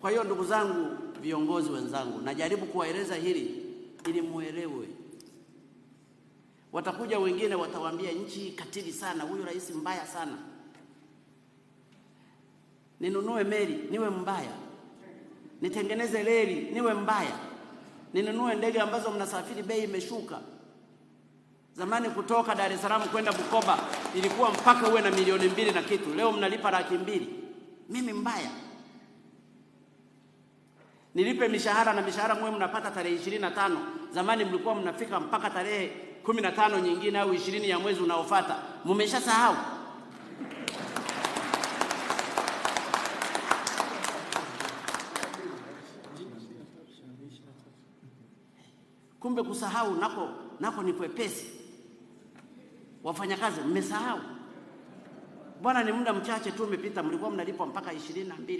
Kwa hiyo ndugu zangu, viongozi wenzangu, najaribu kuwaeleza hili ili muelewe. Watakuja wengine watawaambia nchi katili sana, huyu rais mbaya sana, ninunue meli niwe mbaya, nitengeneze reli niwe mbaya, ninunue ndege ambazo mnasafiri bei imeshuka. Zamani kutoka Dar es Salaam kwenda Bukoba ilikuwa mpaka uwe na milioni mbili na kitu, leo mnalipa laki mbili. Mimi mbaya? nilipe mishahara na mishahara mwe mnapata tarehe ishirini na tano. Zamani mlikuwa mnafika mpaka tarehe kumi na tano nyingine au ishirini ya mwezi unaofuata, mmeshasahau. Kumbe kusahau nako nako ni kwepesi. Wafanyakazi mmesahau bwana, ni muda mchache tu umepita, mlikuwa mnalipwa mpaka ishirini na mbili.